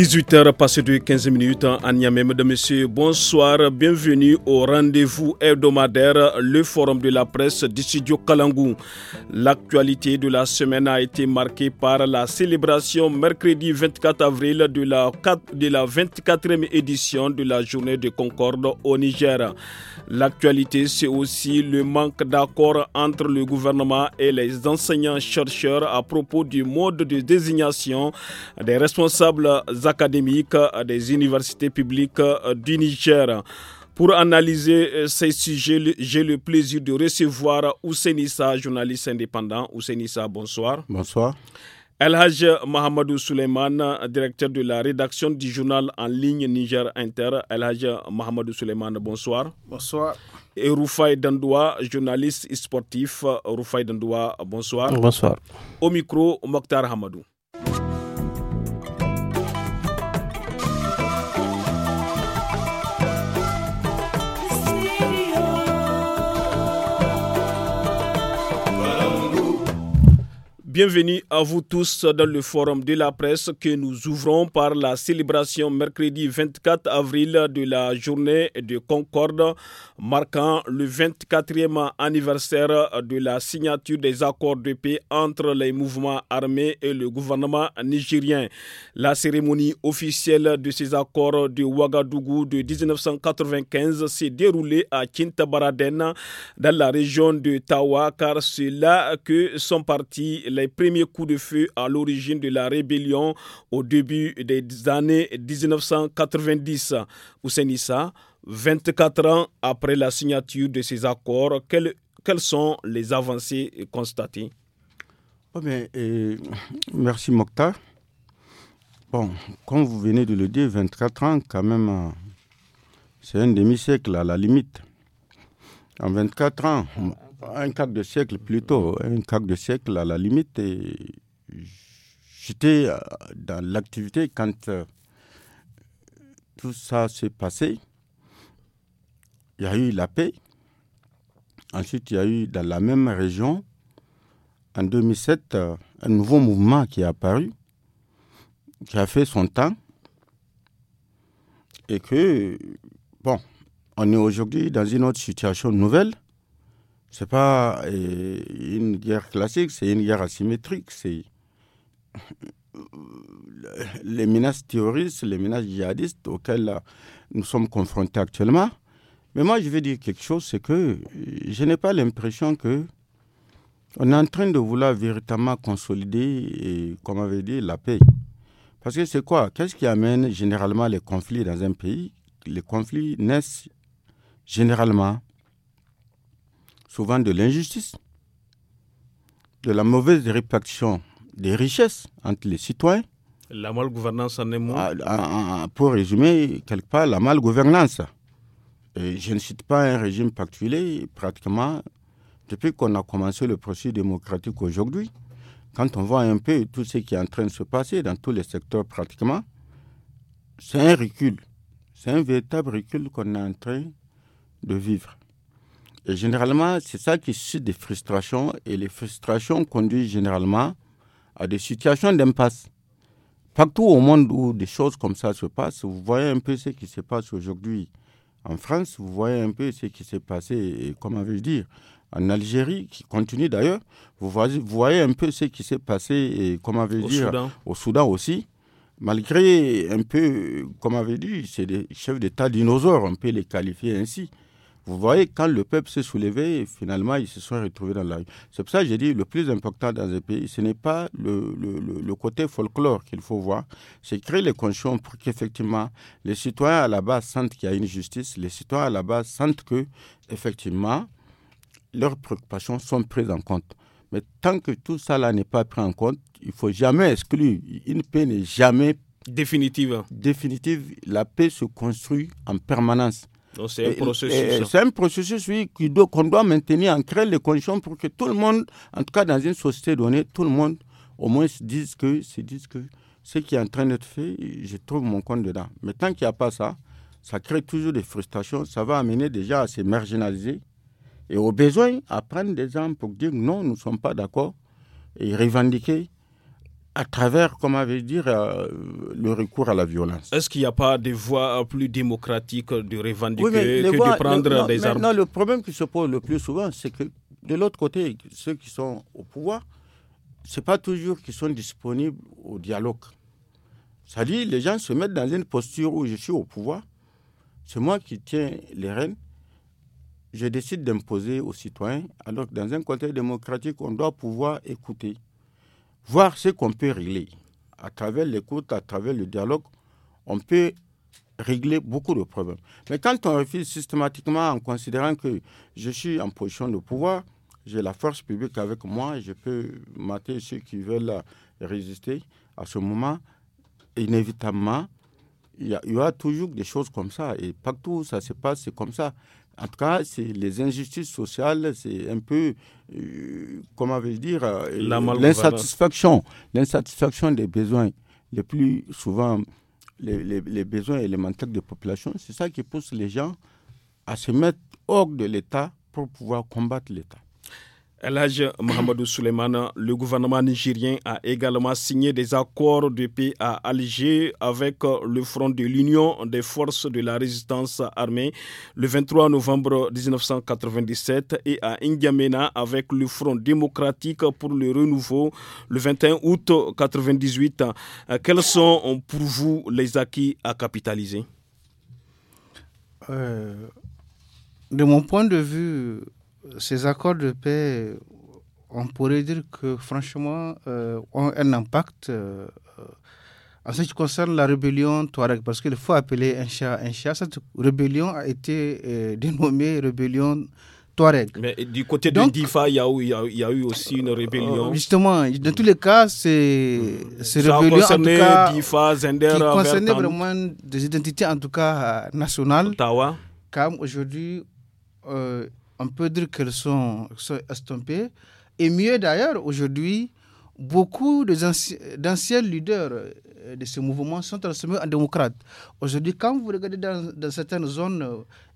18h passé de 15 minutes en Niamey. de monsieur. bonsoir. Bienvenue au rendez-vous hebdomadaire, le forum de la presse du studio Kalangou. L'actualité de la semaine a été marquée par la célébration mercredi 24 avril de la, 24e édition de la journée de Concorde au Niger. L'actualité, c'est aussi le manque d'accord entre le gouvernement et les enseignants-chercheurs à propos du mode de désignation des responsables académique euh, des universités publiques euh, du Niger. Pour analyser euh, ces sujets, j'ai le plaisir de recevoir Ousenissa, journaliste indépendant. Ousenissa, bonsoir. Bonsoir. Elhaj Mohamedou Suleiman, directeur de la rédaction du journal en ligne Niger Inter. Elhaj Mohamedou Suleiman, bonsoir. Bonsoir. Et Rufai Dandoua, journaliste sportif. Rufai Dandoua, bonsoir. Bonsoir. Au micro, Mokhtar Hamadou. Bienvenue à vous tous dans le forum de la presse que nous ouvrons par la célébration mercredi 24 avril de la journée de Concorde, marquant le 24e anniversaire de la signature des accords de paix entre les mouvements armés et le gouvernement nigérien. La cérémonie officielle de ces accords de Ouagadougou de 1995 s'est déroulée à Kintabaraden, dans la région de Tawa, car c'est là que sont partis les premier coup de feu à l'origine de la rébellion au début des années 1990. Senissa 24 ans après la signature de ces accords, quelles, sont les avancées constatées oh euh, Merci Mokta. Bon, comme vous venez de le dire, 24 ans, quand même, euh, c'est un demi-siècle à la limite. En 24 ans, un quart de siècle plutôt, hein, un quart de siècle à la limite. j'étais euh, dans l'activité quand euh, tout ça s'est passé. Il y a eu la paix. Ensuite, il y a eu dans la même région, en 2007, euh, un nouveau mouvement qui est apparu, qui a fait son temps. Et que, bon, on est aujourd'hui dans une autre situation nouvelle. C'est pas euh, une guerre classique, c'est une guerre asymétrique. C'est euh, les menaces terroristes, les menaces djihadistes auxquelles euh, nous sommes confrontés actuellement. Mais moi, je vais dire quelque chose, c'est que je n'ai pas l'impression que on est en train de vouloir véritablement consolider, comme avait dit, la paix. Parce que c'est quoi Qu'est-ce qui amène généralement les conflits dans un pays Les conflits naissent généralement souvent de l'injustice, de la mauvaise répartition des richesses entre les citoyens. La malgouvernance en est ah, ah, ah, Pour résumer, quelque part, la malgouvernance. je ne cite pas un régime particulier, pratiquement, depuis qu'on a commencé le processus démocratique aujourd'hui, quand on voit un peu tout ce qui est en train de se passer dans tous les secteurs pratiquement, c'est un recul. C'est un véritable recul qu'on est en train de vivre. Et généralement, c'est ça qui suscite des frustrations et les frustrations conduisent généralement à des situations d'impasse. Partout au monde où des choses comme ça se passent, vous voyez un peu ce qui se passe aujourd'hui en France, vous voyez un peu ce qui s'est passé, et comment veux-je dire, en Algérie, qui continue d'ailleurs, vous voyez, voyez, un peu ce qui s'est passé, et comment vais je dire, au Soudan aussi malgré un peu, comme avait dit, c'est des chefs d'État dinosaures, on peut les qualifier ainsi. Vous voyez, quand le peuple s'est soulevé, finalement, ils se sont retrouvés dans la rue. C'est pour ça que j'ai dit, le plus important dans un pays, ce n'est pas le, le, le, côté folklore qu'il faut voir, c'est créer les conditions pour qu'effectivement, les citoyens à la base sentent qu'il y a une justice, les citoyens à la base sentent que, effectivement, leurs préoccupations sont prises en compte. Mais tant que tout ça là n'est pas pris en compte, il faut jamais exclure. Une paix n'est jamais définitive. Définitive. La paix se construit en permanence. Hein. c'est un processus. qu'on doit maintenir, en créer les conditions pour que tout le monde, en tout cas dans une société donnée, tout le monde au moins se dise que, se dise que ce qui est en train d'être fait, je trouve mon compte dedans. Mais tant qu'il n'y a pas ça, ça crée toujours des frustrations, ça va amener déjà à se marginaliser et au besoin à prendre des armes pour dire non, nous ne sommes pas d'accord et revendiquer à travers, comme avait dire, euh, le recours à la violence. Est-ce qu'il n'y a pas des voies euh, plus démocratiques de revendiquer que de prendre des armes Non, le problème qui se pose le plus souvent, c'est que de l'autre côté, ceux qui sont au pouvoir, ce n'est pas toujours qu'ils sont disponibles au dialogue. C'est-à-dire, les gens se mettent dans une posture où je suis au pouvoir, c'est moi qui tiens les rênes, je décide d'imposer aux citoyens, alors que dans un contexte démocratique, on doit pouvoir écouter voir ce qu'on peut régler. À travers l'écoute, à travers le dialogue, on peut régler beaucoup de problèmes. Mais quand on refuse systématiquement en considérant que je suis en position de pouvoir, j'ai la force publique avec moi, je peux mater ceux qui veulent résister, à ce moment, inévitablement, il y, a, toujours des choses comme ça. Et partout où ça se passe, c'est comme ça. En tout cas, c'est les injustices sociales, c'est un peu, euh, comment je dire, euh, l'insatisfaction, l'insatisfaction des besoins, les plus souvent, les, les, les besoins élémentaires des populations. C'est ça qui pousse les gens à se mettre hors de l'État pour pouvoir combattre l'État. L'âge Mohamedou Souleymane, le gouvernement nigérien a également signé des accords de paix à Alger avec euh, le Front de l'Union des forces de la résistance armée le 23 novembre 1997 et à N'Djamena avec le Front démocratique pour le renouveau le 21 août 1998. Euh, quels sont euh, pour vous les acquis à capitaliser De mon point de vue, ces accords de paix, on pourrait dire que franchement, euh, ont un impact euh, euh, en ce qui concerne la rébellion Touareg, parce qu'il faut appeler un chat un chat. Cette rébellion a été dénommée rébellion Touareg. Mais du côté de Difa, il y, a eu aussi une rébellion. Justement, dans tous les cas, c'est ces hmm. rébellions Difa, Zender, qui concernait vraiment des identités en tout cas nationales. Comme aujourd'hui, on peut dire qu'elles sont, estompées. Et mieux d'ailleurs, aujourd'hui, beaucoup d'anciens leaders euh, de ce mouvement sont transformés en démocrates. Aujourd'hui, quand vous regardez dans, certaines zones,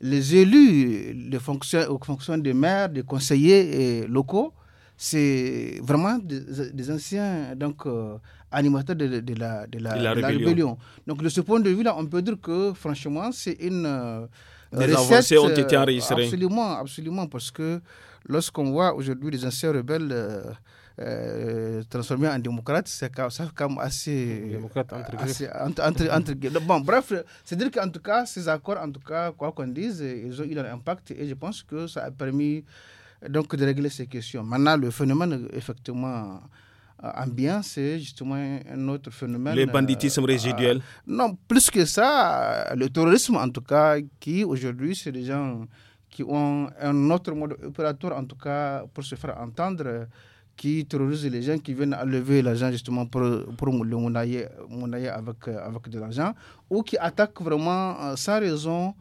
les élus, les fonctions, aux fonctions des maires, des conseillers locaux, c'est vraiment des, anciens donc, euh, animateurs de, la, de, la, rébellion. Donc, de ce point de vue-là, on peut dire que, franchement, c'est une. Euh, les ont été enregistrées. Euh, absolument, absolument, parce que lorsqu'on voit aujourd'hui les anciens rebelles euh, euh, transformés en démocrates, c'est quand même assez. Démocrate entre, guillemets. Bon, bref, c'est-à-dire qu'en tout cas, ces accords, en tout cas, quoi qu'on dise, ils ont eu leur impact et je pense que ça a permis donc de régler ces questions. Maintenant, le phénomène, effectivement euh, bien, c'est justement un autre phénomène. Le banditisme euh, euh, résiduel Non, plus que ça, le terrorisme en tout cas, qui aujourd'hui, c'est des gens qui ont un autre mode opératoire, en tout cas, pour se faire entendre qui terrorisent les gens, qui viennent enlever l'argent justement pour, pour le monnayer, avec, avec de l'argent, ou qui attaquent vraiment sans raison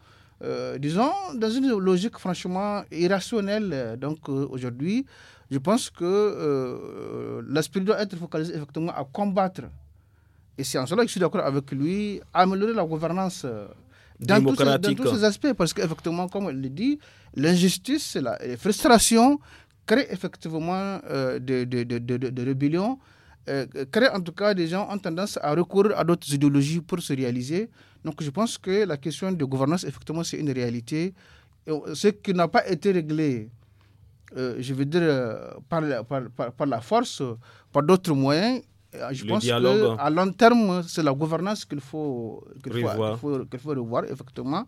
euh, disons, dans une logique franchement irrationnelle. Euh, donc euh, aujourd'hui, je pense que euh, l'aspect doit être focalisé effectivement à combattre. Et c'est en cela que je suis d'accord avec lui, améliorer la gouvernance dans, Démocratique. Tous, tous ces hein. aspects. Parce qu'effectivement, comme il le dit, l'injustice, la, frustration créent effectivement des, de, de, de, de rébellions, créent en tout cas des gens en tendance à recourir à d'autres idéologies pour se réaliser. Donc je pense que la question de gouvernance, effectivement, c'est une réalité. Et ce qui n'a pas été réglé, euh, je veux dire, euh, par la, par, la force, par d'autres moyens, euh, je le pense qu'à long terme, c'est la gouvernance qu'il faut, revoir. Faut, effectivement.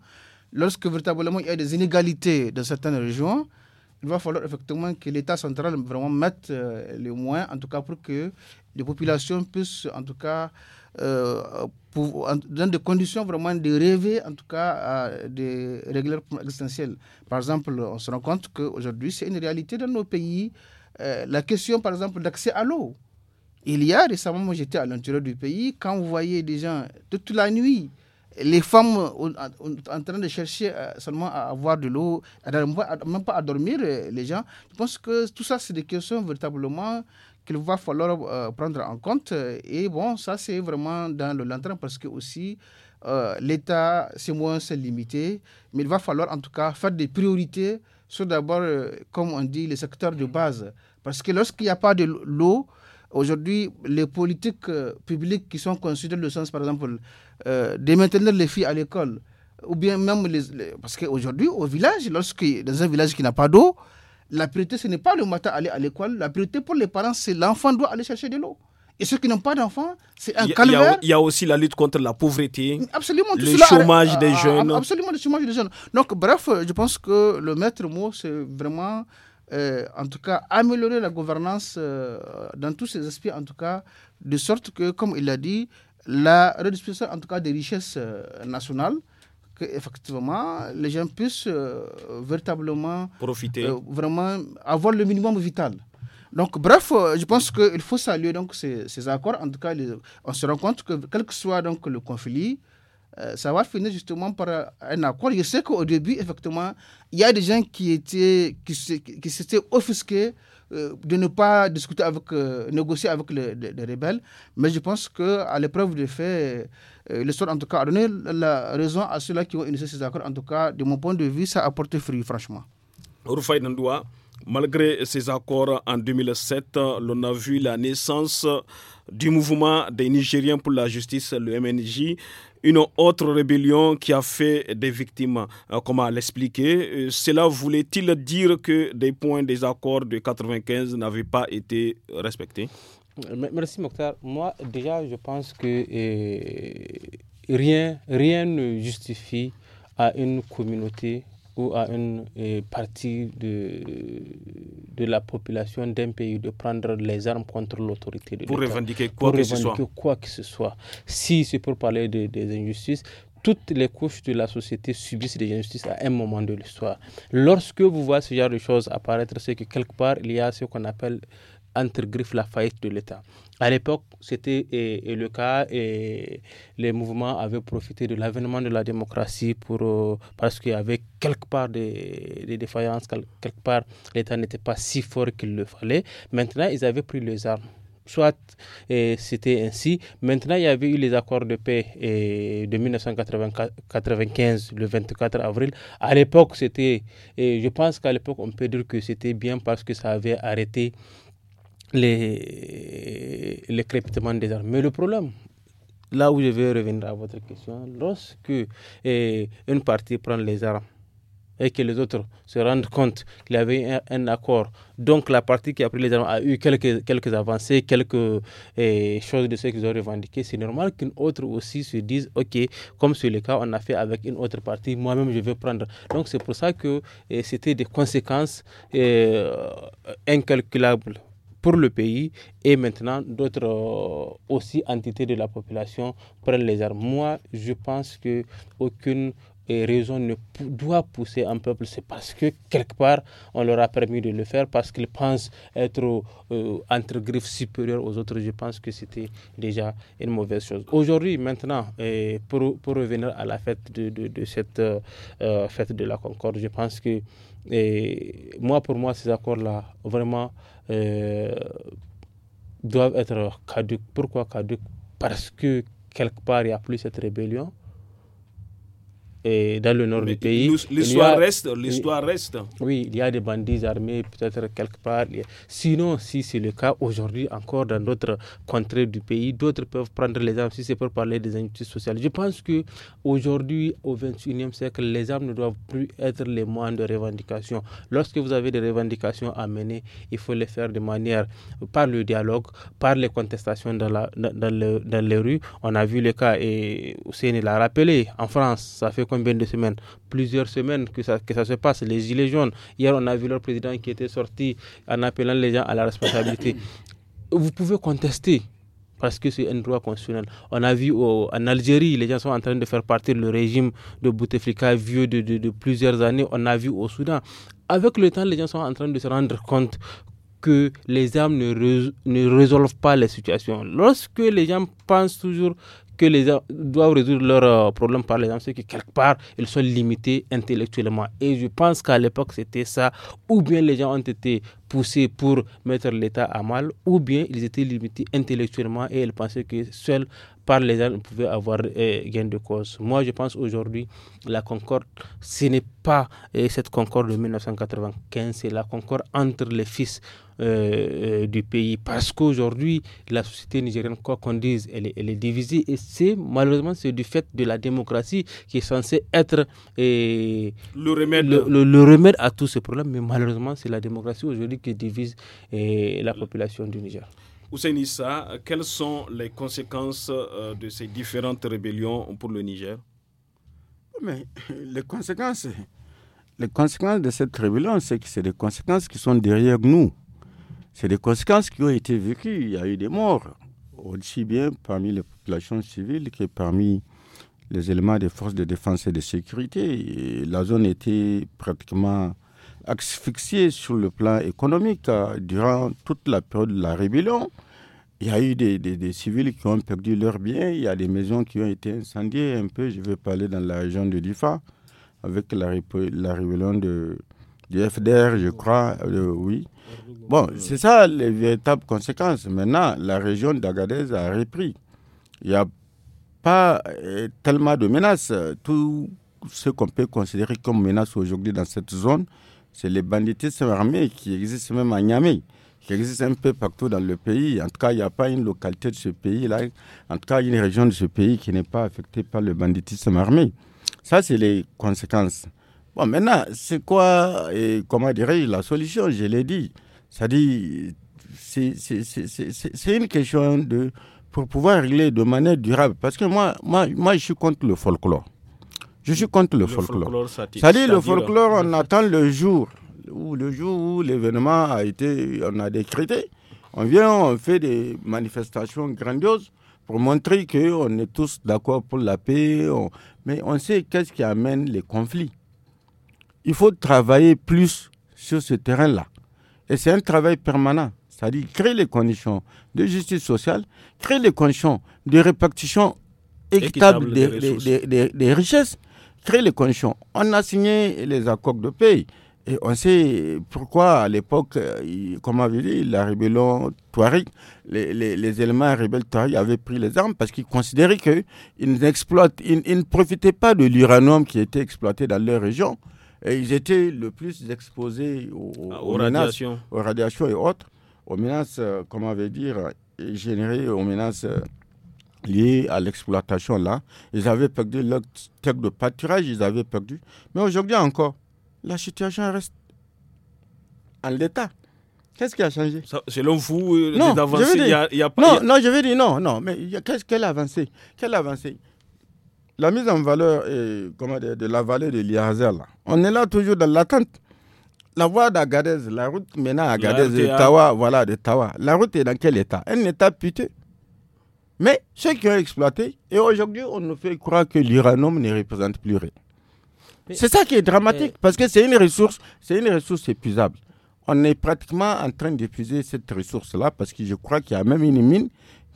Lorsque véritablement il y a des inégalités dans certaines régions, il va falloir effectivement que l'État central vraiment mette les moyens, en tout cas pour que les populations puissent, en tout cas, euh, dans des conditions vraiment de rêver, en tout cas, de des existentielle Par exemple, on se rend compte qu'aujourd'hui, c'est une réalité dans nos pays. Euh, la question, par exemple, d'accès à l'eau. Il y a récemment, moi j'étais à l'intérieur du pays, quand vous voyez des gens toute la nuit, les femmes en, en train de chercher euh, seulement à avoir de l'eau, même pas à dormir, les gens. Je pense que tout ça, c'est des questions véritablement qu'il va falloir euh, prendre en compte. Et bon, ça, c'est vraiment dans le lendemain parce que aussi, euh, l'État, c'est moins c'est limité, mais il va falloir en tout cas faire des priorités sur d'abord, euh, comme on dit, les secteurs de base. Parce que lorsqu'il n'y a pas de l'eau, aujourd'hui, les politiques publiques qui sont conçues dans le sens, par exemple, de maintenir les filles à l'école, ou bien même les, parce qu'aujourd'hui, au village, lorsque dans un village qui n'a pas d'eau, la priorité, ce n'est pas le matin aller à l'école. La priorité pour les parents, c'est l'enfant doit aller chercher de l'eau. Et ceux qui n'ont pas d'enfants, c'est un calvaire. Il y, a aussi la lutte contre la pauvreté, absolument, le chômage des jeunes. Absolument, le chômage des jeunes. Donc, bref, je pense que le maître mot, c'est vraiment, euh, en tout cas, améliorer la gouvernance euh, dans tous ses aspects, en tout cas, de sorte que, comme il l'a dit, la redistribution, en tout cas, des richesses euh, nationales que effectivement les gens puissent euh, véritablement profiter, euh, vraiment avoir le minimum vital. Donc, bref, euh, je pense qu'il faut saluer donc ces, accords. En tout cas, on se rend compte que quel que soit donc le conflit, ça va finir justement par un accord. Je sais qu'au début, effectivement, il y a des gens qui étaient qui, qui s'étaient offusqués euh, de ne pas discuter avec, euh, négocier avec les, rebelles. Mais je pense qu'à l'épreuve des faits, euh, l'histoire en tout cas a donné la raison à ceux-là qui ont initié ces accords. En tout cas, de mon point de vue, ça a porté fruit, franchement. Malgré ces accords en 2007, l'on a vu la naissance du mouvement des Nigériens pour la justice, le MNJ, une autre rébellion qui a fait des victimes. Euh, comment l'expliquer euh, Cela voulait-il dire que des points des accords de 1995 n'avaient pas été respectés euh, Merci Mokhtar. Moi, déjà, je pense que rien, rien ne justifie à une communauté ou à une euh, partie de, de la population d'un pays de prendre les armes contre l'autorité de Pour revendiquer quoi pour que revendiquer ce soit. quoi que ce soit. Si c'est pour parler des injustices, toutes les couches de la société subissent des injustices à un moment de l'histoire. Lorsque vous voyez ce genre de choses apparaître, c'est que quelque part, il y a ce qu'on appelle entre griffes la faillite de l'État. À l'époque, c'était le cas et les mouvements avaient profité de l'avènement de la démocratie pour, euh, parce qu'il y avait quelque part des, défaillances, quelque part l'État n'était pas si fort qu'il le fallait. Maintenant, ils avaient pris les armes soit c'était ainsi. Maintenant, il y avait eu les accords de paix de 1995, le 24 avril. À l'époque, c'était, je pense qu'à l'époque, on peut dire que c'était bien parce que ça avait arrêté les, les des armes. Mais le problème, là où je vais revenir à votre question, lorsque eh, une partie prend les armes et que les autres se rendent compte qu'il y avait un, accord, donc la partie qui a pris les armes a eu quelques, quelques avancées, quelques eh, choses de ce qu'ils ont revendiqué, c'est normal qu'une autre aussi se dise, OK, comme c'est le cas, on a fait avec une autre partie, moi-même je vais prendre. Donc c'est pour ça que eh, c'était des conséquences incalculables pour le pays et maintenant d'autres euh, aussi entités de la population prennent les armes. Moi, je pense que aucune euh, raison ne doit pousser un peuple, c'est parce que quelque part on leur a permis de le faire, parce qu'ils pensent être euh, entre griffes supérieures aux autres. Je pense que c'était déjà une mauvaise chose. Aujourd'hui, maintenant, pour, revenir à la fête de, cette fête de la Concorde, je pense que et moi, pour moi, ces accords-là, vraiment, euh, doivent être caduques. Pourquoi caduques Parce que quelque part, il n'y a plus cette rébellion dans le nord du pays. L'histoire reste, l'histoire reste. Oui, il y a des bandits armés peut-être quelque part. Sinon, si c'est le cas aujourd'hui encore dans d'autres contrées du pays, d'autres peuvent prendre les armes si c'est pour parler des injustices sociales. Je pense que aujourd'hui, au 21e siècle, les armes ne doivent plus être les moyens de revendication. Lorsque vous avez des revendications à mener, il faut les faire de manière par le dialogue, par les contestations dans, la, dans, les rues. On a vu le cas et Hussein l'a rappelé en France, ça fait bien de semaines Plusieurs semaines que ça, que ça se passe. Les Gilets jaunes, hier, on a vu leur président qui était sorti en appelant les gens à la responsabilité. Vous pouvez contester, parce que c'est un droit constitutionnel. On a vu en Algérie, les gens sont en train de faire partir le régime de Bouteflika vieux de, plusieurs années. On a vu au Soudan. Avec le temps, les gens sont en train de se rendre compte que les armes ne, ne résolvent pas les situations. Lorsque les gens pensent toujours que les gens doivent résoudre leurs euh, problèmes par les gens, c'est que quelque part, ils sont limités intellectuellement. Et je pense qu'à l'époque, c'était ça. Ou bien les gens ont été poussés pour mettre l'État à mal, ou bien ils étaient limités intellectuellement et ils pensaient que seuls par les on pouvait avoir euh, gain de cause. Moi, je pense aujourd'hui, la concorde, ce n'est pas euh, cette concorde de 1995, c'est la concorde entre les fils euh, du pays. Parce qu'aujourd'hui, la société nigérienne, quoi qu'on dise, elle est, divisée. Et c'est malheureusement, c'est du fait de la démocratie qui est censée être le remède. le, remède à tous ces problèmes. Mais malheureusement, c'est la démocratie aujourd'hui qui divise la population du Niger. Hussein Nissa, quelles sont les conséquences euh, de ces différentes rébellions pour le Niger oh, Mais les conséquences, les conséquences de cette rébellion, c'est que c'est des conséquences qui sont derrière nous. C'est des conséquences qui ont été vécues. Il y a eu des morts, aussi bien parmi les populations civiles que parmi les éléments des forces de défense et de sécurité. la zone était pratiquement asphyxiés sur le plan économique euh, durant toute la période de la rébellion. Il y a eu des, des, civils qui ont perdu leurs biens, il y a des maisons qui ont été incendiées un peu. Je vais parler dans la région de Difa, avec la, la rébellion de, du FDR, je crois, euh, oui. Bon, c'est ça les véritables conséquences. Maintenant, la région d'Agadez a repris. Il n'y a pas euh, tellement de menaces. Tout ce qu'on peut considérer comme menace aujourd'hui dans cette zone, c'est les banditisme armés qui existent même à Niamey, qui existent un peu partout dans le pays. En tout cas, il n'y a pas une localité de ce pays-là, en tout cas une région de ce pays qui n'est pas affectée par le banditisme armé. Ça, c'est les conséquences. Bon, maintenant, c'est quoi, et comment dirais-je, la solution Je l'ai dit. cest à c'est une question de. pour pouvoir régler de manière durable. Parce que moi, moi, moi je suis contre le folklore. Je suis contre le, folklore. C'est-à-dire le folklore, on attend le jour où le jour l'événement a été, on a décrété. On vient, on fait des manifestations grandioses pour montrer qu'on est tous d'accord pour la paix. mais on sait qu'est-ce qui amène les conflits. Il faut travailler plus sur ce terrain-là. Et c'est un travail permanent. C'est-à-dire créer les conditions de justice sociale, créer les conditions de répartition équitable, des, richesses les conditions. On a signé les accords de paix. Et on sait pourquoi, à l'époque, euh, comme on avait dit, la rébellion Touareg, les, éléments rebelles Touareg avaient pris les armes parce qu'ils considéraient qu'ils ils, ils ne profitaient pas de l'uranium qui était exploité dans leur région. Et ils étaient le plus exposés aux, ah, radiations. et autres, aux menaces, euh, comment on dire, euh, générées aux menaces liés à l'exploitation là. Ils avaient perdu leur terre de pâturage, ils avaient perdu. Mais aujourd'hui encore, la situation reste en l'état. Qu'est-ce qui a changé Selon vous, euh, avancées, il n'y a, pas. Non, non, je veux dire non, non, mais qu'est-ce qu'elle a avancé Quelle avancée La mise en valeur euh, comment de la vallée de l'Iazel, on est là toujours dans l'attente. La voie d'Agadez, la route menant à Agadez, de Tawa, voilà, de Tawa, la route est dans quel état Un état piteux. Mais ceux qui ont exploité, et aujourd'hui, on nous fait croire que l'uranum ne représente plus rien. C'est ça qui est dramatique, euh, parce que c'est une ressource, c'est une ressource épuisable. On est pratiquement en train d'épuiser cette ressource-là, parce que je crois qu'il y a même une mine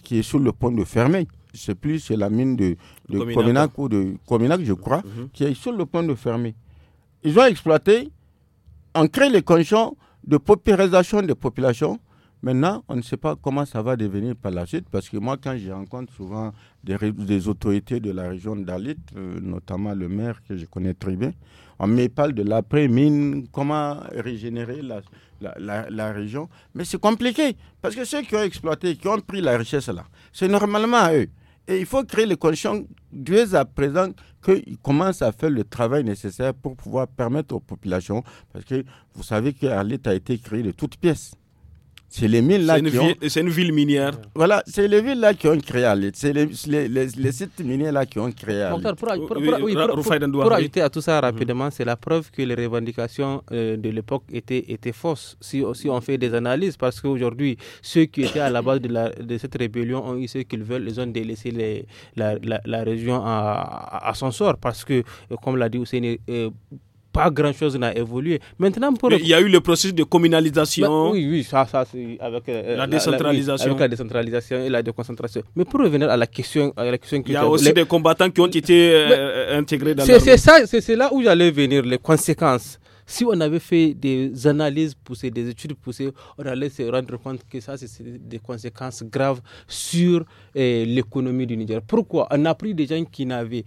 qui est sur le point de fermer. Je plus, c'est la mine de, Cominac. ou de Cominac, je crois, mhm. qui est sur le point de fermer. Ils ont exploité, on crée les conditions de paupérisation des populations, Maintenant, on ne sait pas comment ça va devenir par la suite, parce que moi, quand je rencontre souvent des, autorités de la région d'Alit, euh, notamment le maire que je connais très bien, on me parle de l'après-mine, comment régénérer la, région. Mais c'est compliqué, parce que ceux qui ont exploité, qui ont pris la richesse là, c'est normalement à eux. Et il faut créer les conditions dès à présent qu'ils commencent à faire le travail nécessaire pour pouvoir permettre aux populations, parce que vous savez que Alit a été créé de toutes pièces. C'est les mines là qui C'est une ville minière. Voilà, c'est les villes là qui ont créé C'est les, les, les, sites miniers là qui ont créé pour, pour, ajouter à tout ça mhm. rapidement, c'est la preuve que les revendications euh, de l'époque étaient, étaient fausses. Si, on fait des analyses, parce qu'aujourd'hui, ceux qui étaient à la base de, la, de cette rébellion ont eu ce qu'ils veulent. Ils ont délaissé les, la, région à, à, son sort. Parce que, euh, comme l'a dit Hussein, euh, pas grand-chose n'a évolué. Maintenant, pour... il y a eu le processus de communalisation. Bah, oui, oui, ça, ça c'est avec euh, la, décentralisation. La, la décentralisation et la déconcentration. Mais pour revenir à la question, à la question il y a aussi des combattants qui ont été euh, euh, intégrés dans C'est ça, c'est là où j'allais venir les conséquences. Si on avait fait des analyses poussées, des études poussées, on allait se rendre compte que ça, c'est des conséquences graves sur eh, l'économie du Niger. Pourquoi On a pris des gens qui n'avaient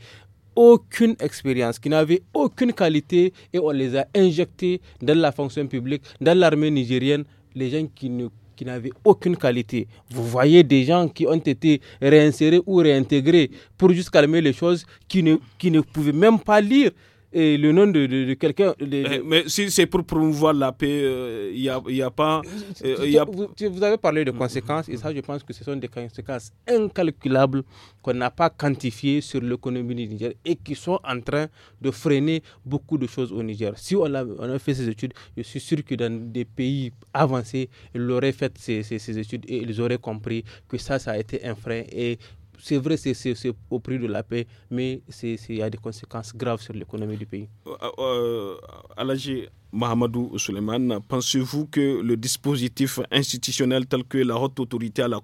aucune expérience, qui n'avaient aucune qualité et on les a injectés dans la fonction publique, dans l'armée nigérienne, les gens qui ne qui n'avaient aucune qualité. Vous voyez des gens qui ont été réinsérés ou réintégrés pour juste calmer les choses, qui ne, qui ne pouvaient même pas lire et le nom de, de, quelqu'un. Eh, mais si c'est pour promouvoir la paix, il euh, n'y a, y a, pas. Euh, y a... Vous, vous, avez parlé de conséquences, et ça, je pense que ce sont des conséquences incalculables qu'on n'a pas quantifiées sur l'économie du Niger et qui sont en train de freiner beaucoup de choses au Niger. Si on a, on a fait ces études, je suis sûr que dans des pays avancés, ils auraient fait ces, ces, ces études et ils auraient compris que ça, ça a été un frein et c'est vrai, c'est au prix de la paix, mais il y a des conséquences graves sur l'économie du pays. Euh, euh Alagé Mahamadou Suleiman, pensez-vous que le dispositif institutionnel tel que la haute autorité à la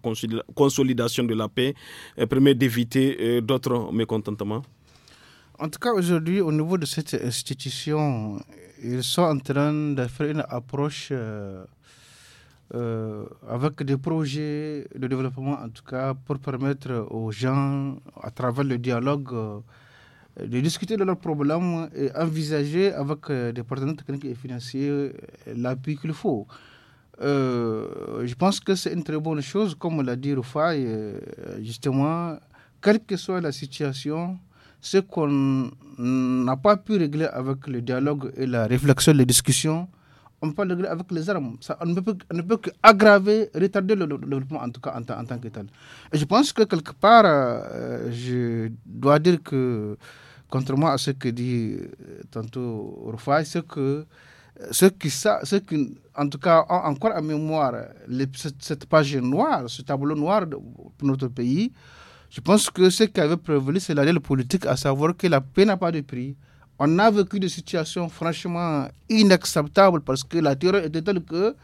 consolidation de la paix euh, permet d'éviter euh, d'autres mécontentements En tout cas, aujourd'hui, au niveau de cette institution, ils sont en train de faire une approche. Euh, avec des projets de développement, en tout cas, pour permettre aux gens, à travers le dialogue, euh, de discuter de leurs problèmes et envisager avec euh, des partenaires techniques et financiers l'appui qu'il faut. je pense que c'est une très bonne chose, comme l'a dit Rufai, justement, quelle que soit la situation, ce qu'on n'a pas pu régler avec le dialogue et la réflexion, les discussions, on ne peut le avec les armes. Ça, on, ne peut, qu'aggraver, retarder le, développement, en tout cas en, tant que tel. Et je pense que quelque part, euh, je dois dire que, contrairement à ce que dit euh, tantôt Rufai, que euh, ceux qui, ceux qui, en tout cas, ont encore en mémoire cette, page noire, ce tableau noir de, notre pays, je pense que ce qui avait prévalu, c'est la politique, à savoir que la paix n'a pas de prix on a vécu des situations franchement inacceptables parce que la terreur était telle que,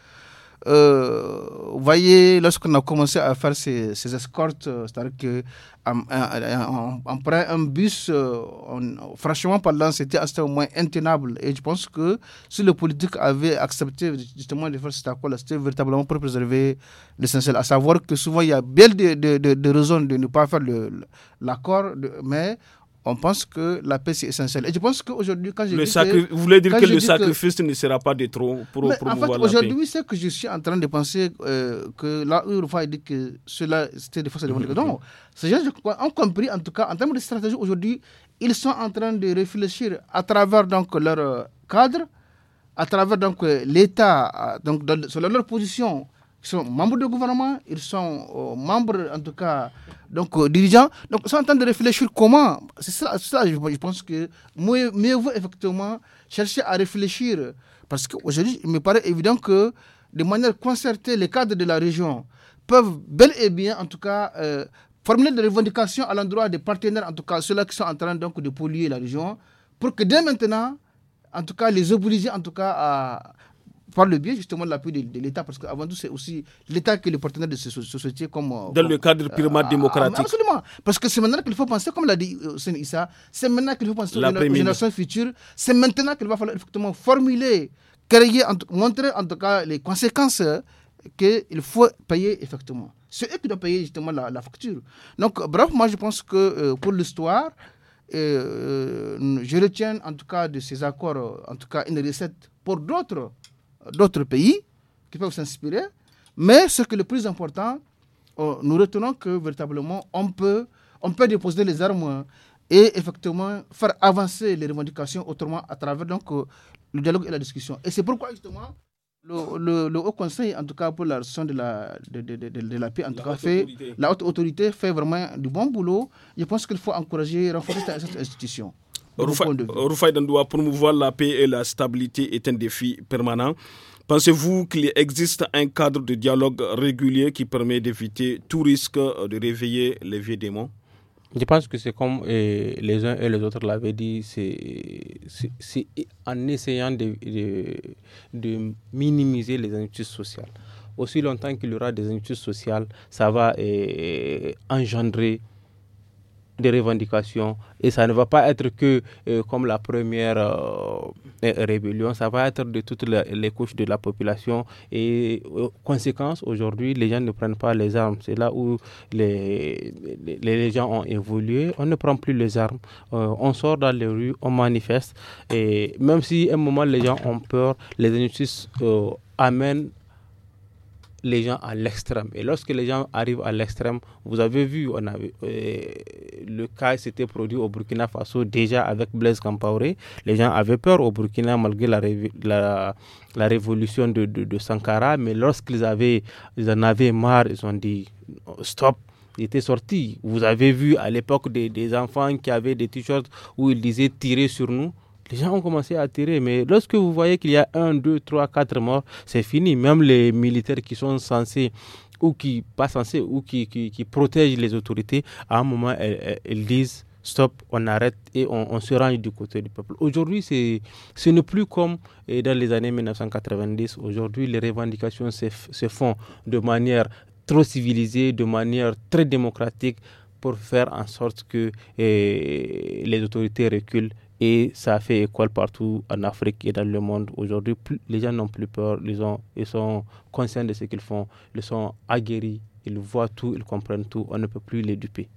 euh, vous voyez, lorsqu'on a commencé à faire ces, escortes, euh, c'est-à-dire qu'on on, prend un bus, franchement euh, franchement parlant, c'était au moins intenable. Et je pense que si le politique avait accepté justement de faire cet accord c'était véritablement pour préserver l'essentiel. À savoir que souvent, il y a bien des de, de, de raisons de ne pas faire l'accord, mais on pense que la paix c'est essentiel. Et je pense qu'aujourd'hui, quand je dis que, vous voulez dire que le sacrifice ne sera pas de trop pour mais promouvoir en fait, aujourd'hui, c'est que je suis en train de penser euh, que là où il dit que cela c'était des forces de Mmh, Donc, ces gens ont compris, en tout cas, en termes de stratégie aujourd'hui, ils sont en train de réfléchir à travers donc leur euh, cadre, à travers donc euh, l'État, donc sur leur position ils sont membres du gouvernement, ils sont euh, membres, en tout cas, donc euh, dirigeants. Donc, ils sont en train de réfléchir comment. C'est ça, je, pense que mieux, vaut effectivement chercher à réfléchir. Parce qu'aujourd'hui, il me paraît évident que, de manière concertée, les cadres de la région peuvent bel et bien, en tout cas, euh, formuler des revendications à l'endroit des partenaires, en tout cas ceux-là qui sont en train donc, de polluer la région, pour que dès maintenant, en tout cas, les obliger en tout cas à par le biais justement de l'appui de, de l'État, parce qu'avant tout, c'est aussi l'État qui est le partenaire de ces sociétés comme... Euh, Dans le cadre euh, purement ah, démocratique. Absolument, parce que c'est maintenant qu'il faut penser, comme l'a dit euh, Hussein Issa, c'est maintenant qu'il faut penser aux générations futures, c'est maintenant qu'il va falloir effectivement formuler, créer, montrer en tout cas les conséquences qu'il faut payer effectivement. C'est eux qui doivent payer justement la, facture. Donc, bref, moi je pense que pour l'histoire, je retiens en tout cas de ces accords, en tout cas une recette pour d'autres d'autres pays qui peuvent s'inspirer. Mais ce que le plus important, euh, nous retenons que véritablement, on peut, on peut déposer les armes et effectivement faire avancer les revendications autrement à travers donc, euh, le dialogue et la discussion. Et c'est pourquoi justement le, Haut Conseil, en tout cas pour la gestion de la, de, de, de, la paix, en tout cas, fait, la haute autorité fait vraiment du bon boulot. Je pense qu'il faut encourager et renforcer cette institution. Rufai Dandoua, promouvoir la paix et la stabilité est un défi permanent. Pensez-vous qu'il existe un cadre de dialogue régulier qui permet d'éviter tout risque de réveiller les vieux démons Je pense que c'est comme eh, les uns et les autres l'avaient dit, c'est en essayant de, minimiser les injustices sociales. Aussi longtemps qu'il y aura des injustices sociales, ça va eh, engendrer des revendications et ça ne va pas être que euh, comme la première euh, rébellion, ça va être de toutes les couches de la population et euh, conséquence aujourd'hui les gens ne prennent pas les armes, c'est là où les, les, les, gens ont évolué, on ne prend plus les armes, on sort dans les rues, on manifeste et même si à un moment les gens ont peur, les injustices amènent les gens à l'extrême. Et lorsque les gens arrivent à l'extrême, vous avez vu, on euh, le cas s'était produit au Burkina Faso déjà avec Blaise Campaoré. Les gens avaient peur au Burkina malgré la, la, révolution de, de, de, Sankara, mais lorsqu'ils avaient, ils en avaient marre, ils ont dit stop. Ils étaient sortis. Vous avez vu à l'époque des, des enfants qui avaient des t-shirts où ils disaient tirer sur nous les gens ont commencé à tirer. Mais lorsque vous voyez qu'il y a un, deux, trois, quatre morts, c'est fini. Même les militaires qui sont censés ou qui pas censés ou qui, qui, protègent les autorités, à un moment, ils disent stop, on arrête et on, se range du côté du peuple. Aujourd'hui, ce n'est plus comme dans les années 1990. Aujourd'hui, les revendications se, font de manière trop civilisée, de manière très démocratique pour faire en sorte que eh, les autorités reculent et ça a fait école partout en Afrique et dans le monde. Aujourd'hui, les gens n'ont plus peur, ils, ils sont conscients de ce qu'ils font, ils sont aguerris, ils voient tout, ils comprennent tout, on ne peut plus les duper.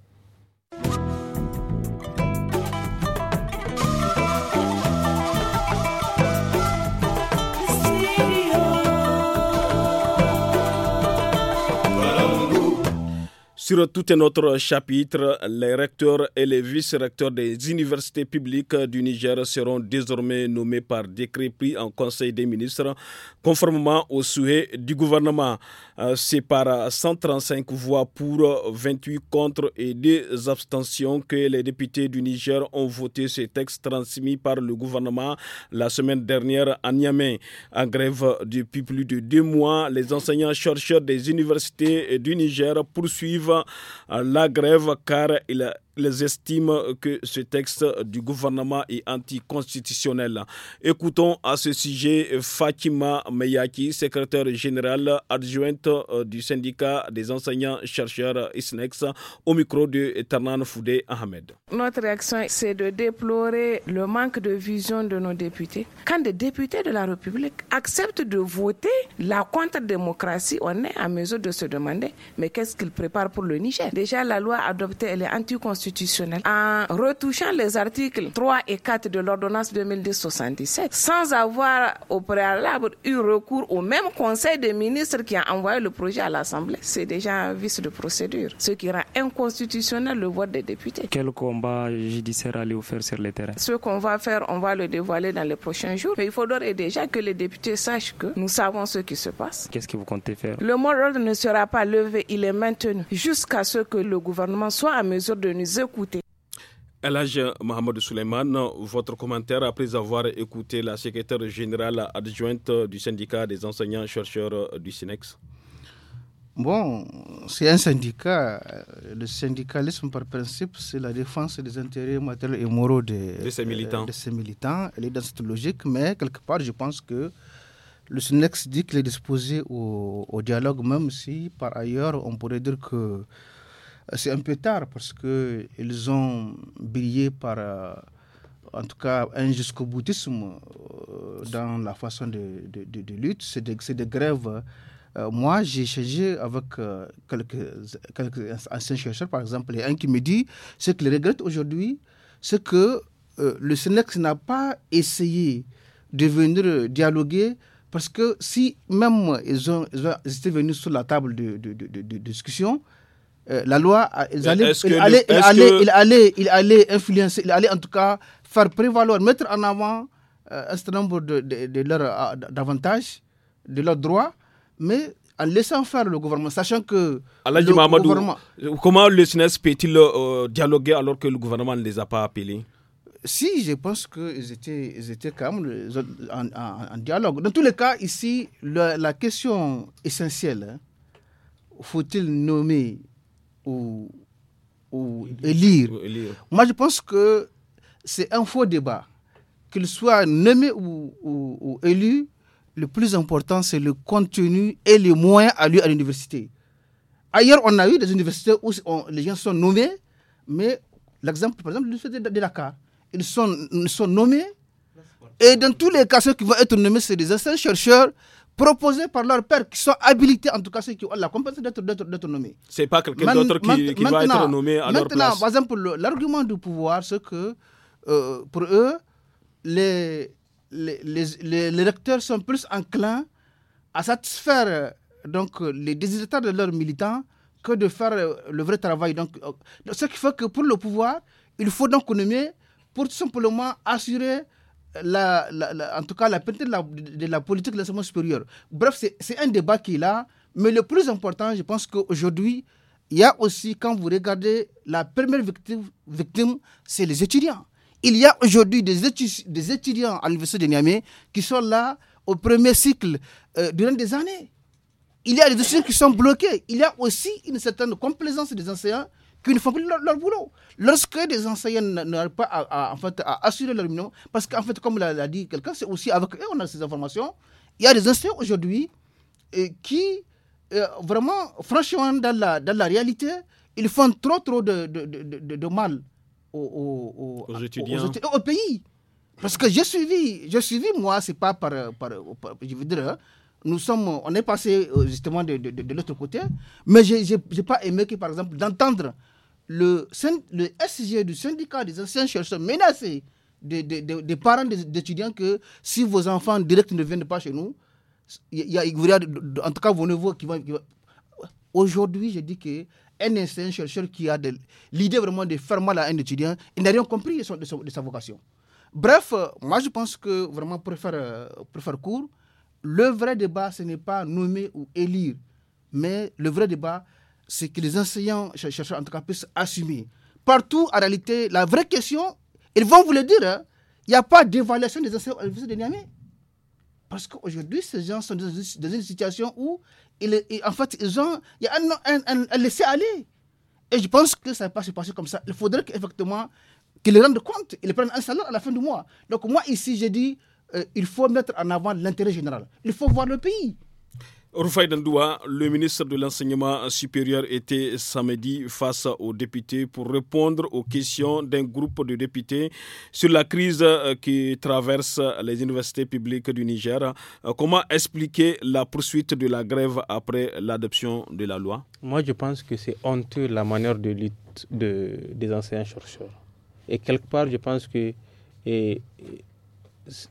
Sur tout un autre chapitre, les recteurs et les vice-recteurs des universités publiques du Niger seront désormais nommés par décret pris en Conseil des ministres, conformément au souhait du gouvernement. Euh, c'est par 135 voix pour, 28 contre et 2 abstentions que les députés du Niger ont voté ce texte transmis par le gouvernement la semaine dernière à Niamey. En grève depuis plus de deux mois, les enseignants-chercheurs des universités du Niger poursuivent la grève car il ils estiment que ce texte du gouvernement est anticonstitutionnel. Écoutons à ce sujet Fatima Meyaki, secrétaire générale adjointe euh, du syndicat des enseignants-chercheurs ISNEX, au micro de Ternan Foudé Ahmed. Notre réaction, c'est de déplorer le manque de vision de nos députés. Quand des députés de la République acceptent de voter la contre-démocratie, on est à mesure de se demander, mais qu'est-ce qu'ils préparent pour le Niger Déjà, la loi adoptée, elle est anticonstitutionnelle en retouchant les articles 3 et 4 de l'ordonnance 2010-77 sans avoir au préalable eu recours au même conseil des ministres qui a envoyé le projet à l'Assemblée. C'est déjà un vice de procédure, ce qui rend inconstitutionnel le vote des députés. Quel combat judiciaire allez-vous faire sur le terrain Ce qu'on va faire, on va le dévoiler dans les prochains jours. Mais il faut et déjà que les députés sachent que nous savons ce qui se passe. Qu'est-ce que vous comptez faire Le mot ne sera pas levé, il est maintenu jusqu'à ce que le gouvernement soit en mesure de nous écouter. Elage Mohamed Souleyman, votre commentaire après avoir écouté la secrétaire générale adjointe du syndicat des enseignants-chercheurs du SINEX. Bon, c'est un syndicat. Le syndicalisme, par principe, c'est la défense des intérêts matériels et moraux euh, de, ses militants. Elle est dans cette logique, mais quelque part, je pense que le SINEX dit qu'il est disposé au, dialogue, même si, par ailleurs, on pourrait dire que c'est un peu tard parce qu'ils ont brillé par, euh, en tout cas, un jusqu'au boutisme euh, dans la façon de, de, de, de lutte. C'est des, grèves. Euh, moi, j'ai échangé avec quelques, anciens chercheurs, par exemple, et un qui me dit ce qu'il regrette aujourd'hui, c'est que le Sénex n'a pas essayé de venir dialoguer parce que si même ils, ont, ils étaient venus sur la table de, discussion, euh, la loi, ils allaient, il, allait, influencer, il allait en tout cas faire prévaloir, mettre en avant euh, un certain nombre de, de, leurs euh, avantages, de leurs droits, mais en laissant faire le gouvernement, sachant que. le gouvernement... comment le SNES peut-il dialoguer alors que le gouvernement ne les a pas appelés Si, je pense qu'ils étaient, ils étaient quand même en, dialogue. Dans tous les cas, ici, la, question essentielle, hein, faut-il nommer ou, ou élire. Moi, je pense que c'est un faux débat. Qu'il soit nommé ou, ou, élu, le plus important, c'est le contenu et les moyens à lui à l'université. Ailleurs, on a eu des universités où les gens sont nommés, mais l'exemple, par exemple, l'université de, de Dakar, ils sont, ils sont nommés. Et dans tous les cas, ceux qui vont être nommés, c'est des anciens chercheurs proposés par leurs pères, qui sont habilités, en tout cas ceux qui ont la compétence d'être nommés. Ce n'est pas quelqu'un d'autre qui, qui va être nommé à leur place. Maintenant, par exemple, l'argument du pouvoir, c'est que euh, pour eux, les les, sont plus enclins à satisfaire donc, les désirs de leurs militants que de faire euh, le vrai travail. Donc, euh, ce qui fait que pour le pouvoir, il faut donc nommer pour tout simplement assurer la, en tout cas la peinture de la, politique de l'enseignement supérieur. Bref, c'est un débat qui est là. Mais le plus important, je pense qu'aujourd'hui, il y a aussi, quand vous regardez, la première victime, victime c'est les étudiants. Il y a aujourd'hui des, des, étudiants à l'Université de Niamey qui sont là au premier cycle euh, durant des années. Il y a des étudiants qui sont bloqués. Il y a aussi une certaine complaisance des enseignants qu'ils ne font plus leur, boulot. Lorsque des enseignants n'arrivent pas à, en fait, à assurer leur minimum, parce qu'en fait, comme l'a dit quelqu'un, c'est aussi avec eux on a ces informations. Il y a des enseignants aujourd'hui euh, qui, euh, vraiment, franchement, dans la, dans la réalité, ils font trop, trop de, mal aux, aux, étudiants. aux, pays. Parce que j'ai suivi, moi, suivi, moi, c'est pas par, je veux dire, nous sommes, on est passé euh, justement de, de l'autre côté, mais je n'ai pas aimé que, par exemple, d'entendre le, le SG du syndicat des anciens chercheurs menacé des, parents d'étudiants que si vos enfants directs ne viennent pas chez nous, il y a, en tout cas vos neveux qui vont. Aujourd'hui, je dis que un ancien chercheur qui a l'idée vraiment de faire mal à un étudiant, il n'a rien compris de, sa vocation. Bref, euh, moi je pense que vraiment pour faire, euh, pour faire court, le vrai débat, ce n'est pas nommer ou élire, mais le vrai débat, c'est que les enseignants, chercheurs, en tout cas, puissent assumer. Partout, en réalité, la vraie question, ils vont vous le dire, hein, il n'y a pas d'évaluation des enseignants à l'université de Niamey. Parce qu'aujourd'hui, ces gens sont dans une, situation où, en fait, ils ont, il un, un, aller Et je pense que ça ne va pas se passer comme ça. Il faudrait qu'effectivement, qu'ils les rendent compte, qu'ils prennent un salaire à la fin du mois. Donc moi, ici, j'ai dit, euh, il faut mettre en avant l'intérêt général. Il faut voir le pays. Rufai Dandoua, le ministre de l'Enseignement supérieur, était samedi face aux députés pour répondre aux questions d'un groupe de députés sur la crise euh, qui traverse les universités publiques du Niger. Euh, comment expliquer la poursuite de la grève après l'adoption de la loi Moi, je pense que c'est honteux la manière de lutte des enseignants-chercheurs. Et quelque part, je pense que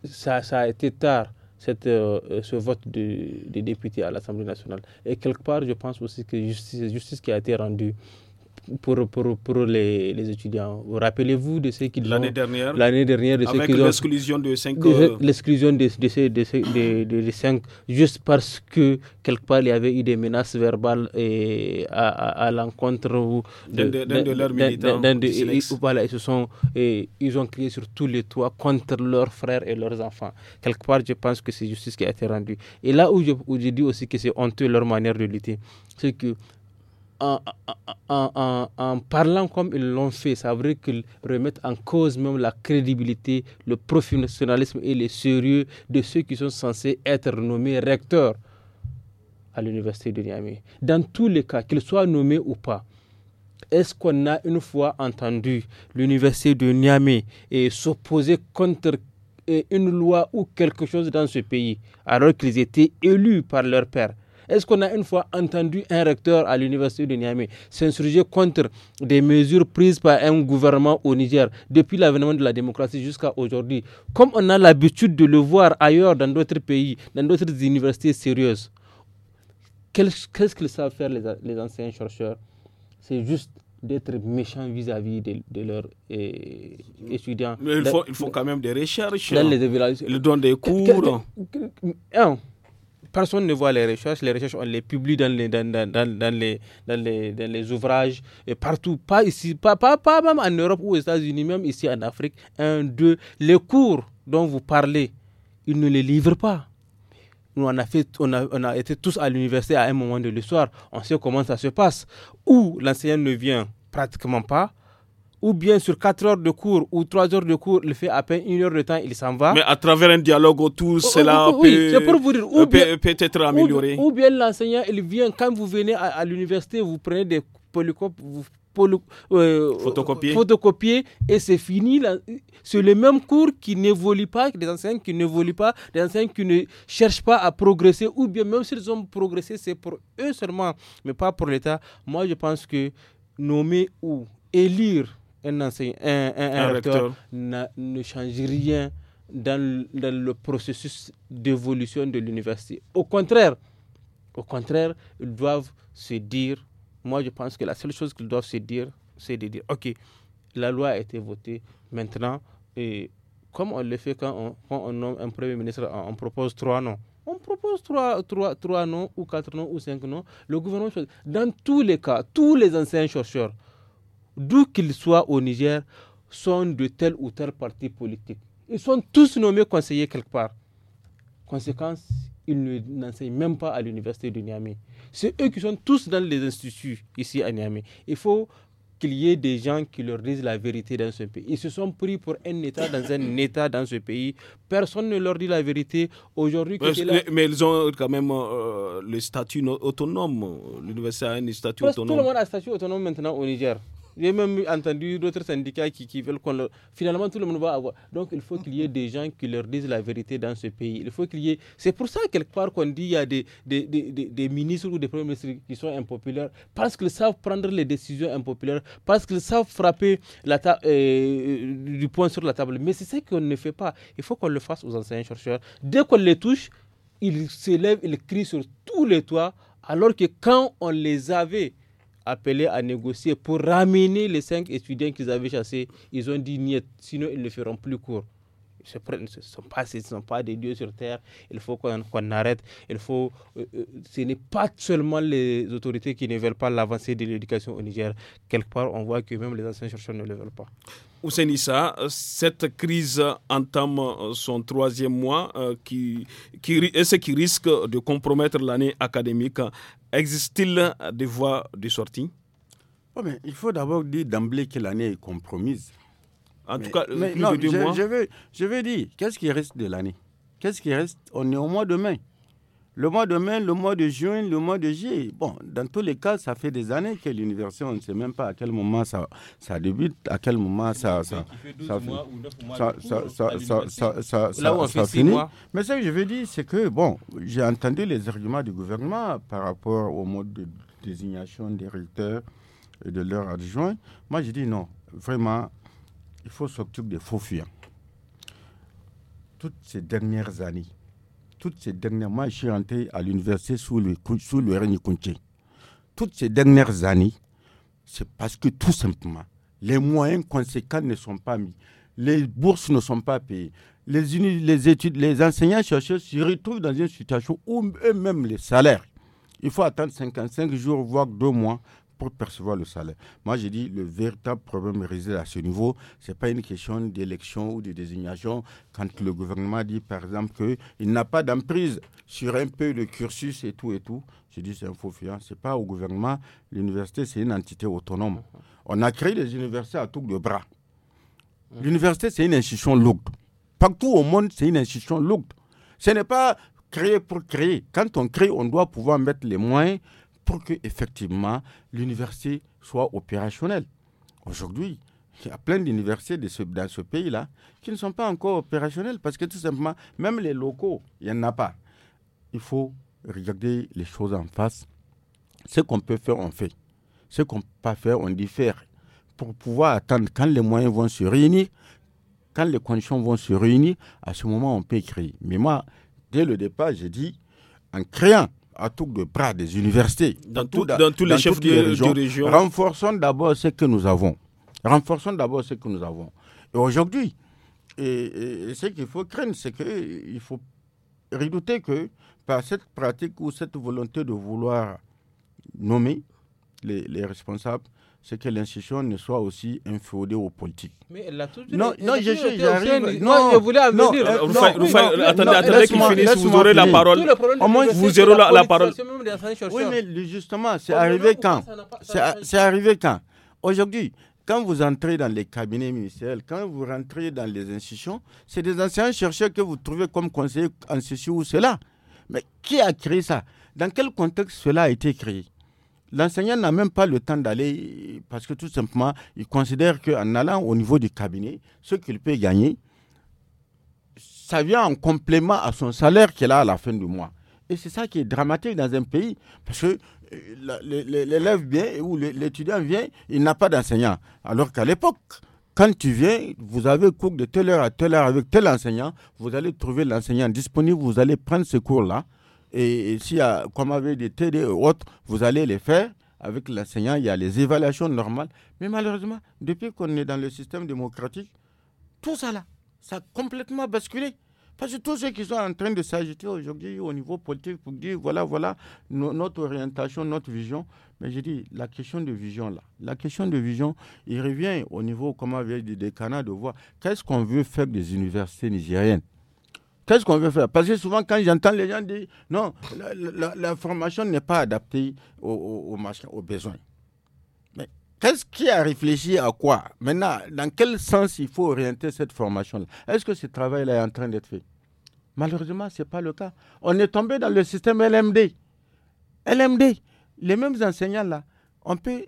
ça a été tard cette, euh, euh, ce vote des députés à l'Assemblée nationale. Et quelque part, je pense aussi que c'est justice, justice qui a été rendue pour, pour, pour les, les, étudiants. Vous rappelez-vous de ce qu'ils L'année dernière L'année dernière, avec l'exclusion de 5... Euh, l'exclusion de, de, ces, de, de, juste parce que, quelque part, il y avait eu des menaces verbales et à, à, l'encontre d'un de, leurs militants. Et, voilà, ils, se sont, et, ils ont crié sur tous les toits contre leurs frères et leurs enfants. Quelque part, je pense que c'est justice qui a été rendue. Et là où je, où je dis aussi que c'est honteux leur manière de lutter, c'est que en, parlant comme ils l'ont fait, ça veut dire qu'ils remettent en cause même la crédibilité, le professionnalisme et les sérieux de ceux qui sont censés être nommés recteurs à l'université de Niamey. Dans tous les cas, qu'ils soient nommés ou pas, est-ce qu'on a une fois entendu l'université de Niamey s'opposer contre une loi ou quelque chose dans ce pays alors qu'ils étaient élus par leur père est-ce qu'on a une fois entendu un recteur à l'université de Niamey s'insurger contre des mesures prises par un gouvernement au Niger depuis l'avènement de la démocratie jusqu'à aujourd'hui Comme on a l'habitude de le voir ailleurs dans d'autres pays, dans d'autres universités sérieuses, qu'est-ce qu'ils savent faire les, anciens chercheurs C'est juste d'être méchants vis-à-vis de, leurs eh, étudiants. Mais ils font, quand même des recherches. Hein. Ils donnent des cours personne ne voit les recherches. Les recherches, on les publie dans les, dans, dans, dans, les, dans les, dans les, ouvrages, et euh, partout, pas ici, pas, pas, pas même en Europe ou aux États-Unis, même ici en Afrique. Un, deux, les cours dont vous parlez, ils ne les livrent pas. Nous, on a, fait, on a, on a été tous à l'université à un moment de l'histoire. On sait comment ça se passe. Où l'enseignant ne vient pratiquement pas, ou bien sur 4 heures de cours ou 3 heures de cours, il fait à peine une heure de temps, il s'en va. Mais à travers un dialogue autour, oh, oh, cela oh, oui, peut, pour vous dire, euh, peut, être amélioré. Ou, bien l'enseignant, il vient, quand vous venez à, l'université, vous prenez des polycopes, vous euh, photocopier. Euh, et c'est fini. Sur les mêmes cours qui n'évolue pas, des enseignants qui n'évoluent pas, des enseignants qui ne cherchent pas à progresser, ou bien même s'ils ont progressé, c'est pour eux seulement, mais pas pour l'État. Moi, je pense que nommer ou élire un, enseignant, un, recteur, ne change rien dans, le processus d'évolution de l'université. Au contraire, au contraire, ils doivent se dire, moi je pense que la seule chose qu'ils doivent se dire, c'est de dire, OK, la loi a été votée, maintenant, et comme on le fait quand on, nomme un Premier ministre, on, propose trois noms on propose trois, trois, trois noms ou quatre noms ou cinq noms. Le gouvernement Dans tous les cas, tous les anciens chercheurs, d'où qu'ils soient au Niger, sont de tel ou tel parti politique. Ils sont tous nommés conseillers quelque part. Conséquence, ils n'enseignent même pas à l'université de Niamey. C'est eux qui sont tous dans les instituts ici à Niamey. Il faut qu'il y ait des gens qui leur disent la vérité dans ce pays. Ils se sont pris pour un État dans un État dans ce pays. Personne ne leur dit la vérité. Aujourd'hui, mais, ils ont quand même euh, le statut autonome. L'université a un statut autonome. Tout le monde a un statut autonome maintenant au Niger. J'ai même entendu d'autres syndicats qui, veulent qu'on leur... Finalement, tout le monde va avoir. Donc, il faut qu'il y ait des gens qui leur disent la vérité dans ce pays. Il faut qu'il y ait... C'est pour ça, quelque part, qu'on dit qu'il y a des, des, des, des, ministres ou des premiers ministres qui sont impopulaires parce qu'ils savent prendre les décisions impopulaires, parce qu'ils savent frapper la euh, euh, du poing sur la table. Mais c'est ça qu'on ne fait pas. Il faut qu'on le fasse aux enseignants-chercheurs. Dès qu'on les touche, ils s'élèvent, ils crient sur tous les toits, alors que quand on les avait Appelés à négocier pour ramener les cinq étudiants qu'ils avaient chassés. Ils ont dit niet, sinon ils le feront plus court ce ne sont pas, sont pas des dieux sur terre. Il faut qu'on arrête. Il faut, euh, euh, ce n'est pas seulement les autorités qui ne veulent pas l'avancée de l'éducation au Niger. Quelque part, on voit que même les anciens chercheurs ne le veulent pas. Ousenissa, cette crise entame son troisième mois euh, qui, qui, et ce qui risque de compromettre l'année académique. Existe-t-il des voies de sortie oh, Il faut d'abord dire d'emblée que l'année est compromise. En tout cas, euh, je, Je veux, dire, qu'est-ce qui reste de l'année Qu'est-ce qui reste On est au mois de mai. Le mois de mai, le mois de juin, le mois de juillet. Bon, dans tous les cas, ça fait des années que l'université, on ne sait même pas à quel moment ça, ça débute, à quel moment ça. Ça, ça finit. Mais ce que je veux dire, c'est que, bon, j'ai entendu les arguments du gouvernement par rapport au mode de désignation des recteurs et de leurs adjoints. Moi, je dis non. Vraiment, il faut s'occuper des faux fuyants. Toutes ces dernières années, toutes ces dernières, mois, je suis rentré à l'université sous le, sous le règne Toutes ces dernières années, c'est parce que tout simplement, les moyens conséquents ne sont pas mis. Les bourses ne sont pas payées. Les, les études, les enseignants-chercheurs se retrouvent dans une situation où eux-mêmes les salaires. Il faut attendre 55 jours, voire deux mois, pour percevoir le salaire. Moi, j'ai dit le véritable problème réside à ce niveau. Ce n'est pas une question d'élection ou de désignation. Quand le gouvernement dit, par exemple, qu'il n'a pas d'emprise sur un peu le cursus et tout et tout, j'ai dit c'est un faux fuyant. Ce n'est pas au gouvernement. L'université, c'est une entité autonome. On a créé les universités à tout de bras. L'université, c'est une institution lourde. Partout au monde, c'est une institution lourde. Ce n'est pas créé pour créer. Quand on crée, on doit pouvoir mettre les moyens pour que effectivement l'université soit opérationnelle. Aujourd'hui, il y a plein d'universités dans ce pays-là qui ne sont pas encore opérationnelles parce que tout simplement, même les locaux, il n'y en a pas. Il faut regarder les choses en face. Ce qu'on peut faire, on fait. Ce qu'on ne peut pas faire, on diffère. Pour pouvoir attendre quand les moyens vont se réunir, quand les conditions vont se réunir, à ce moment, on peut créer. Mais moi, dès le départ, j'ai dit, en créant à tout de bras des universités, dans, tous les chefs de, région. Renforçons d'abord ce que nous avons. Renforçons d'abord ce que nous avons. Et aujourd'hui, et, ce qu'il faut craindre, c'est qu'il faut redouter que par cette pratique ou cette volonté de vouloir nommer les responsables, c'est que l'institution ne soit aussi inféodée aux politiques. Mais elle a toujours Non, non, je, Non, voulais non, non, attendez, attendez qu'il finisse, vous aurez la parole. Au moins, vous aurez la, la, parole. Oui, mais justement, c'est arrivé quand C'est arrivé quand Aujourd'hui, quand vous entrez dans les cabinets ministériels, quand vous rentrez dans les institutions, c'est des anciens chercheurs que vous trouvez comme conseillers en ceci ou cela. Mais qui a créé ça Dans quel contexte cela a été créé l'enseignant n'a même pas le temps d'aller parce que tout simplement, il considère qu'en allant au niveau du cabinet, ce qu'il peut gagner, ça vient en complément à son salaire qu'il a à la fin du mois. Et c'est ça qui est dramatique dans un pays, parce que euh, l'élève vient ou l'étudiant vient, il n'a pas d'enseignant. Alors qu'à l'époque, quand tu viens, vous avez cours de telle heure à telle heure avec tel enseignant, vous allez trouver l'enseignant disponible, vous allez prendre ce cours-là et, s'il y comme avait des TD ou autres, vous allez les faire. Avec l'enseignant, il y a les évaluations normales. Mais malheureusement, depuis qu'on est dans le système démocratique, tout ça là, ça a complètement basculé. Parce que tous ceux qui sont en train de s'agiter aujourd'hui au niveau politique pour dire voilà, voilà notre orientation, notre vision. Mais je dis, la question de vision là, la question de vision, il revient au niveau, comment avait des canards de voir qu'est-ce qu'on veut faire des universités nigériennes. Qu'est-ce qu'on veut faire Parce que souvent, quand j'entends les gens dire non, la, formation n'est pas adaptée aux, aux, aux besoins. Mais qu'est-ce qui a réfléchi à quoi Maintenant, dans quel sens il faut orienter cette formation-là Est-ce que ce travail-là est en train d'être fait Malheureusement, ce n'est pas le cas. On est tombé dans le système LMD. LMD, les mêmes enseignants-là, on peut,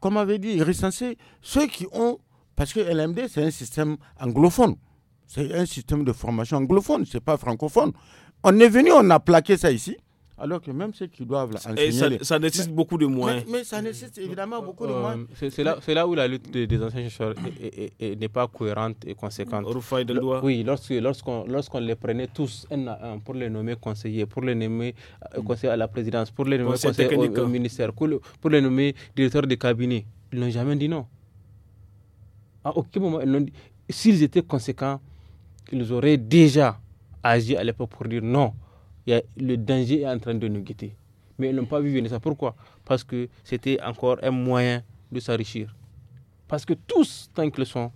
comme on avait dit, recenser ceux qui ont. Parce que LMD, c'est un système anglophone. C'est un système de formation anglophone, ce n'est pas francophone. On est venu, on a plaqué ça ici. Alors que même ceux qui doivent enseigner... ça, nécessite beaucoup de moyens. Mais, ça nécessite évidemment euh, beaucoup de euh, C'est là, où la lutte des, anciens chercheurs n'est pas cohérente et conséquente. oui, lorsqu'on les prenait tous un à un pour les nommer conseillers, pour les nommer euh, mm. conseillers à la présidence, pour les nommer conseillers au, ministère, pour, les nommer directeurs de cabinet, ils n'ont jamais dit non. À aucun moment, ils n'ont dit... S'ils étaient conséquents, qu'ils auraient déjà agi à l'époque pour dire non, le danger est en train de nous guetter. Mais ils n'ont pas vu venir ça. Pourquoi Parce que c'était encore un moyen de s'enrichir. Parce que tous, tant qu'ils sont,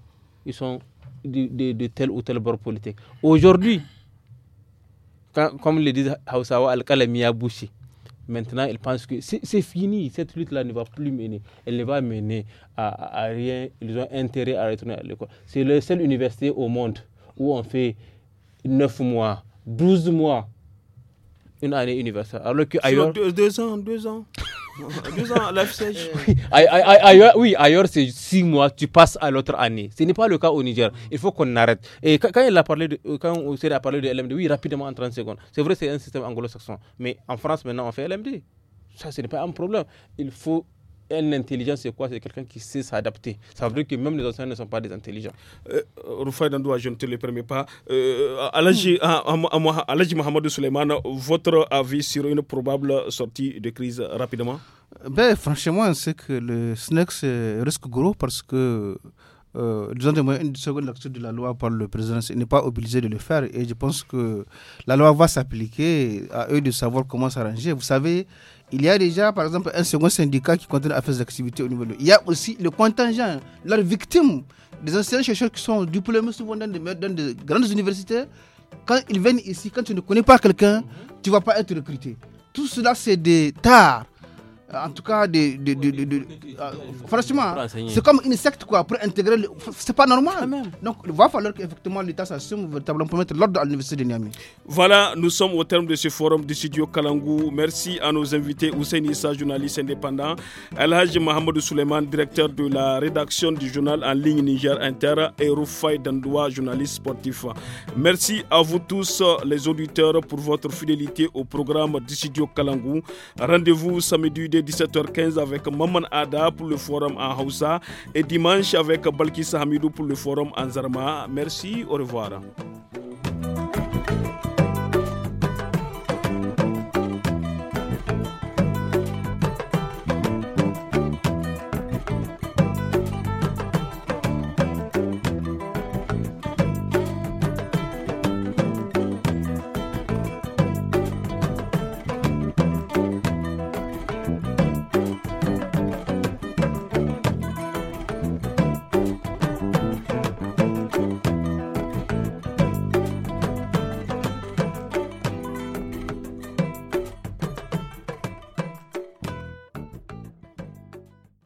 ils sont de, tel ou tel bord politique. Aujourd'hui, comme le dit Hausawa Al-Kalami Abouchi, maintenant ils pensent que c'est fini, cette lutte-là ne va plus mener, elle ne va mener à, à, rien, ils ont intérêt à retourner à l'école. C'est la seule université au monde où on fait 9 mois, 12 mois, une année universelle. Alors que ailleurs. Deux, ans, deux ans. deux ans, life stage. Oui, ailleurs, oui, ailleurs c'est six mois, tu passes à l'autre année. Ce n'est pas le cas au Niger. Il faut qu'on arrête. Et quand, il a parlé de, quand on s'est parlé de LMD, oui, rapidement en 30 secondes. C'est vrai, c'est un système anglo-saxon. Mais en France, maintenant, on fait LMD. Ça, ce n'est pas un problème. Il faut un intelligent, c'est quoi C'est quelqu'un qui sait s'adapter. Ça veut dire que même les anciens ne sont pas des intelligents. Euh, Rufai je ne te le permets pas. Euh, Alaji, hmm. ah, ah, ah, Mohamed Souleymane, votre avis sur une probable sortie de crise rapidement ben, Franchement, c'est que le SNEX risque gros parce que euh, disons de une seconde lecture de la loi par le président, il n'est pas obligé de le faire. Et je pense que la loi va s'appliquer à eux de savoir comment s'arranger. Vous savez, il y a déjà, par exemple, un second syndicat qui continue à faire des au niveau de. Il y a aussi le contingent, leurs victimes, des anciens chercheurs qui sont diplômés souvent dans des, grandes universités. Quand ils viennent ici, quand tu ne connais pas quelqu'un, tu ne vas pas être recruté. Tout cela, c'est des tares euh, en tout cas de, de, de, franchement c'est comme une secte quoi pour intégrer c'est pas normal donc il va falloir qu'effectivement l'État s'assume véritablement pour mettre l'ordre à l'université de Niamey voilà nous sommes au terme de ce forum du studio Kalangou merci à nos invités Hussein Issa journaliste indépendant Alhaji Mohamed Souleyman, directeur de la rédaction du journal en ligne Niger Inter et Rufai Dandoua journaliste sportif merci à vous tous les auditeurs pour votre fidélité au programme du studio Kalangou rendez-vous samedi 17h15 avec Maman Ada pour le forum en Hausa et dimanche avec Balkis Hamidou pour le forum en Zarma. Merci, au revoir.